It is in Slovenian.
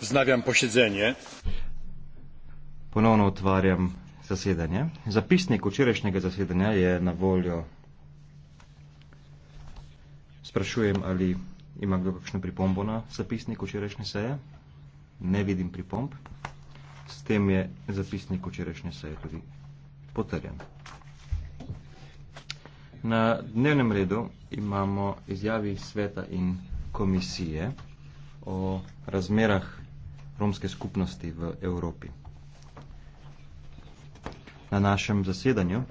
Vznavljam e, posedzenje. Ponovno otvarjam zasedanje. Zapisnik včerajšnjega zasedanja je na voljo. Sprašujem, ali ima kdo kakšno pripombo na zapisnik včerajšnje seje. Ne vidim pripomb. S tem je zapisnik včerajšnje seje tudi potrjen. Na dnevnem redu imamo izjavi sveta in komisije o razmerah romske skupnosti v Evropi. Na našem zasedanju